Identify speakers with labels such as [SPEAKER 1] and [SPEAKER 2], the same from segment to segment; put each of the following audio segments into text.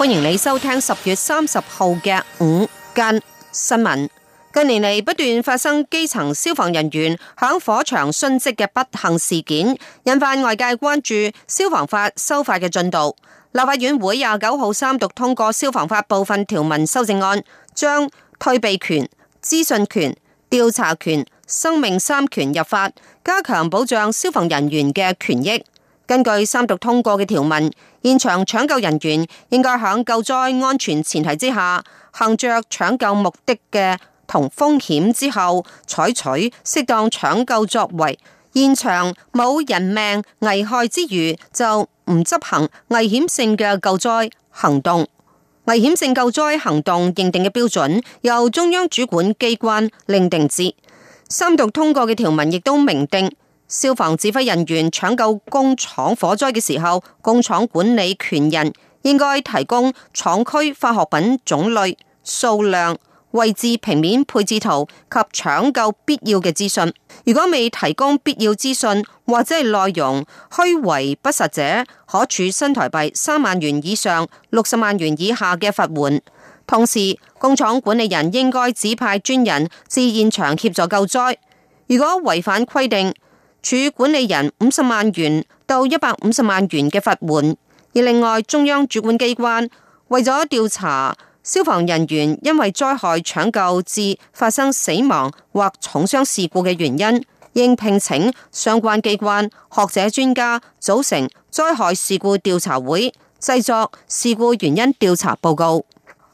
[SPEAKER 1] 歡迎你收聽十月三十號嘅午間新聞。近年嚟不斷發生基層消防人員響火場殉職嘅不幸事件，引發外界關注消防法修法嘅進度。立法院會廿九號三讀通過消防法部分條文修正案，將退避權、資訊權、調查權、生命三權入法，加強保障消防人員嘅權益。根據三讀通過嘅條文，現場搶救人員應該響救災安全前提之下，行着搶救目的嘅同風險之後，採取適當搶救作為。現場冇人命危害之餘，就唔執行危險性嘅救災行動。危險性救災行動認定嘅標準由中央主管機關另定之。三讀通過嘅條文亦都明定。消防指揮人員搶救工廠火災嘅時候，工廠管理權人應該提供廠區化學品種類、數量、位置平面配置圖及搶救必要嘅資訊。如果未提供必要資訊或者係內容虛偽不實者，可處新台幣三萬元以上六十萬元以下嘅罰鍰。同時，工廠管理人應該指派專人至現場協助救災。如果違反規定，處管理人五十萬元到一百五十萬元嘅罰款。而另外，中央主管機關為咗調查消防人員因為災害搶救至發生死亡或重傷事故嘅原因，應聘請相關機關、學者專家組成災害事故調查會，製作事故原因調查報告。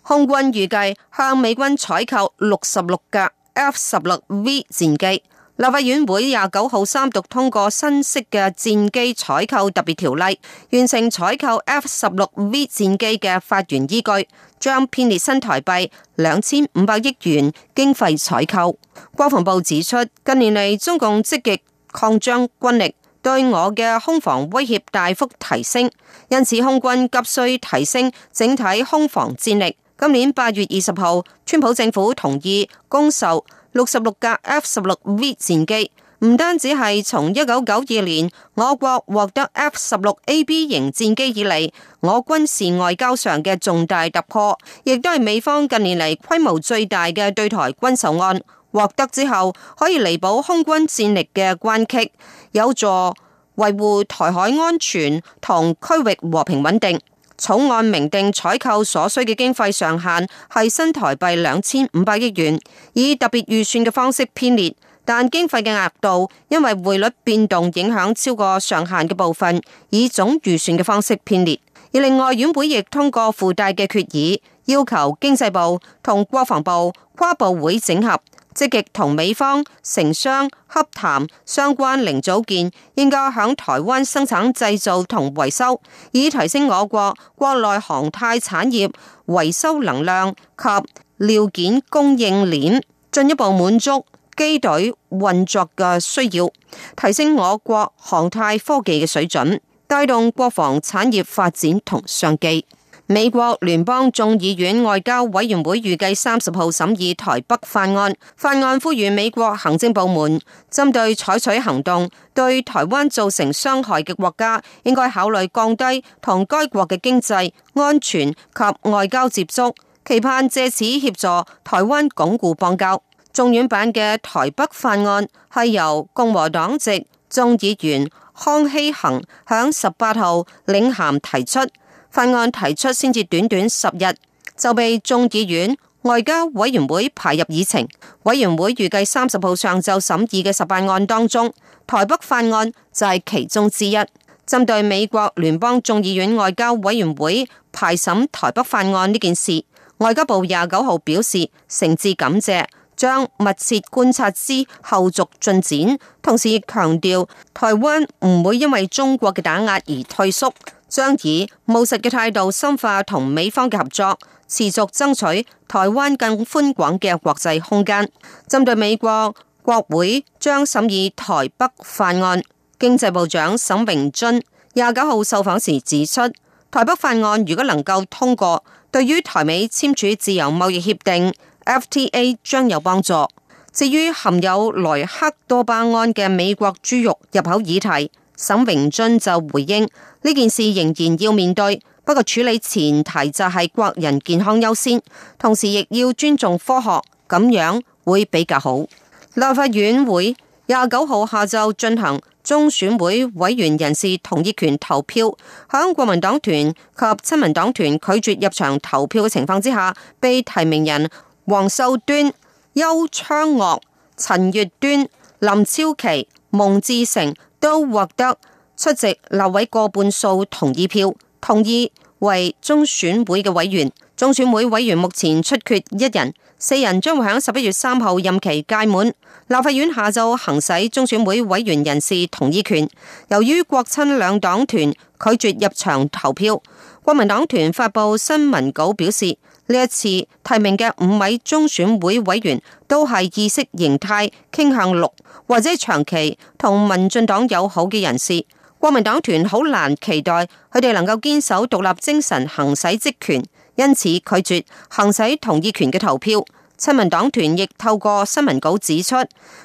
[SPEAKER 1] 空軍預計向美軍採購六十六架 F 十六 V 戰機。立法院會廿九號三讀通過新式嘅戰機採購特別條例，完成採購 F 十六 V 戰機嘅法源依據，將編列新台幣兩千五百億元經費採購。國防部指出，近年嚟，中共積極擴張軍力，對我嘅空防威脅大幅提升，因此空軍急需提升整體空防戰力。今年八月二十號，川普政府同意公售。六十六架 F 十六 V 戰機唔單止係從一九九二年我國獲得 F 十六 AB 型戰機以嚟，我軍事外交上嘅重大突破，亦都係美方近年嚟規模最大嘅對台軍售案。獲得之後，可以彌補空軍戰力嘅關隙，有助維護台海安全同區域和平穩定。草案明定採購所需嘅經費上限係新台幣兩千五百億元，以特別預算嘅方式編列，但經費嘅額度因為匯率變動影響超過上限嘅部分，以總預算嘅方式編列。而另外，院會亦通過附帶嘅決議，要求經濟部同國防部跨部會整合。積極同美方城商洽談相關零組件，應該喺台灣生產製造同維修，以提升我國國內航太產業維修能量及料件供應鏈，進一步滿足機隊運作嘅需要，提升我國航太科技嘅水準，帶動國防產業發展同商機。美國聯邦眾議院外交委員會預計三十號審議台北法案，法案呼籲美國行政部門針對採取行動對台灣造成傷害嘅國家，應該考慮降低同該國嘅經濟、安全及外交接觸，期盼借此協助台灣鞏固邦交。眾院版嘅台北法案係由共和黨籍眾議員康希恆響十八號領銜提出。法案提出先至短短十日就被眾議院外交委員會排入議程，委員會預計三十號上晝審議嘅十八案當中，台北法案就係其中之一。針對美國聯邦眾議院外交委員會排審台北法案呢件事，外交部廿九號表示誠摯感謝，將密切觀察之後續進展，同時亦強調台灣唔會因為中國嘅打壓而退縮。將以務實嘅態度深化同美方嘅合作，持續爭取台灣更寬廣嘅國際空間。針對美國國會將審議台北法案，經濟部長沈榮津廿九號受訪時指出，台北法案如果能夠通過，對於台美簽署自由貿易協定 FTA 將有幫助。至於含有萊克多巴胺嘅美國豬肉入口議題。沈榮津就回應呢件事仍然要面對，不過處理前提就係國人健康優先，同時亦要尊重科學，咁樣會比較好。立法院會廿九號下晝進行中選會委員人事同意權投票，響國民黨團及親民黨團拒絕入場投票嘅情況之下，被提名人黃秀端、邱昌岳、陳月端、林超琪、蒙志成。都獲得出席立委過半數同意票，同意為中選會嘅委員。中選會委員目前出缺一人，四人將會喺十一月三號任期屆滿。立法院下晝行使中選會委員人事同意權，由於國親兩黨團拒絕入場投票，國民黨團發布新聞稿表示。呢一次提名嘅五位中選會委員都係意識形態傾向綠，或者長期同民進黨友好嘅人士，國民黨團好難期待佢哋能夠堅守獨立精神行使職權，因此拒絕行使同意權嘅投票。親民黨團亦透過新聞稿指出，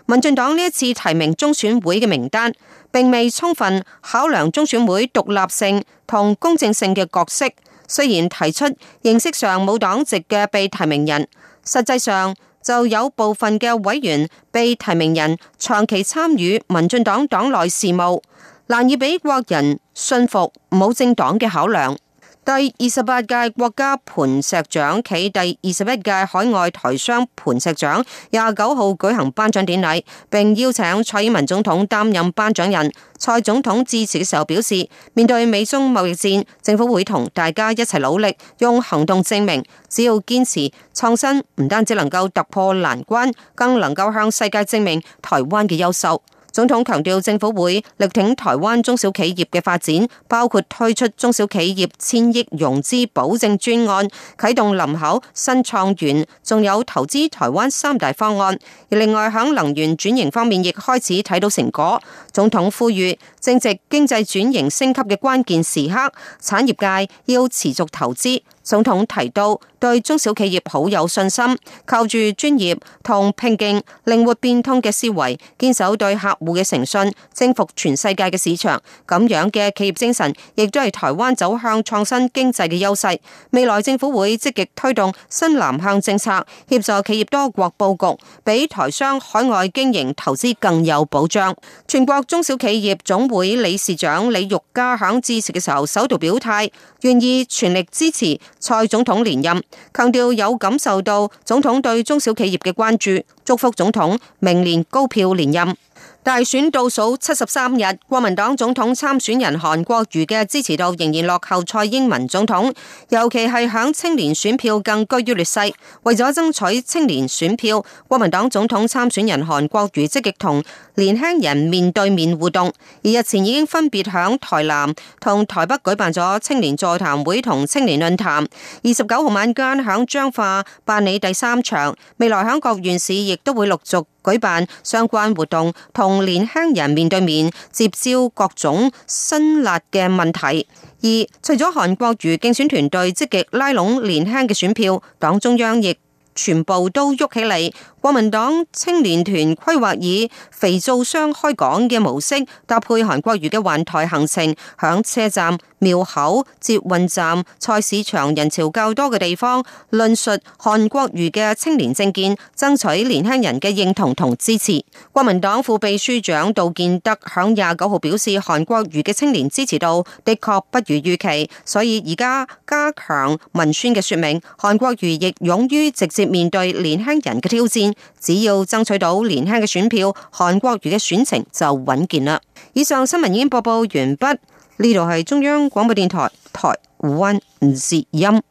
[SPEAKER 1] 民進黨呢一次提名中選會嘅名單，並未充分考量中選會獨立性同公正性嘅角色。雖然提出形式上冇黨籍嘅被提名人，實際上就有部分嘅委員被提名人長期參與民進黨黨內事務，難以俾國人信服冇政黨嘅考量。第二十八屆國家磐石獎暨第二十一屆海外台商磐石獎廿九號舉行頒獎典禮，並邀請蔡英文總統擔任頒獎人。蔡總統致辭嘅時候表示，面對美中貿易戰，政府會同大家一齊努力，用行動證明，只要堅持創新，唔單止能夠突破難關，更能夠向世界證明台灣嘅優秀。總統強調，政府會力挺台灣中小企業嘅發展，包括推出中小企業千億融資保證專案、啟動林口新創園，仲有投資台灣三大方案。而另外響能源轉型方面，亦開始睇到成果。總統呼籲，正值經濟轉型升級嘅關鍵時刻，產業界要持續投資。總統提到，對中小企業好有信心，靠住專業同拼勁、靈活變通嘅思維，堅守對客戶嘅誠信，征服全世界嘅市場。咁樣嘅企業精神，亦都係台灣走向創新經濟嘅優勢。未來政府會積極推動新南向政策，協助企業多國佈局，俾台商海外經營投資更有保障。全國中小企業總會理事長李玉嘉喺致辭嘅時候，首度表態願意全力支持。蔡總統連任，強調有感受到總統對中小企業嘅關注，祝福總統明年高票連任。大選倒數七十三日，國民黨總統參選人韓國瑜嘅支持度仍然落後蔡英文總統，尤其係響青年選票更居於劣勢。為咗爭取青年選票，國民黨總統參選人韓國瑜積極同年輕人面對面互動，而日前已經分別響台南同台北舉辦咗青年座談會同青年論壇。二十九號晚間響彰化辦理第三場，未來響各縣市亦都會陸續。舉辦相關活動，同年輕人面對面，接招各種辛辣嘅問題。二，除咗韓國瑜競選團隊積極拉攏年輕嘅選票，黨中央亦全部都喐起嚟，國民黨青年團規劃以肥皂箱開講嘅模式，搭配韓國瑜嘅環台行程，響車站、廟口、捷運站、菜市場人潮較多嘅地方，論述韓國瑜嘅青年政見，爭取年輕人嘅認同同支持。國民黨副秘書長杜建德響廿九號表示，韓國瑜嘅青年支持度的確不如預期，所以而家加強文宣嘅說明。韓國瑜亦勇於直接。面對年輕人嘅挑戰，只要爭取到年輕嘅選票，韓國瑜嘅選情就穩健啦。以上新聞已經播報完畢，呢度係中央廣播電臺臺灣之音。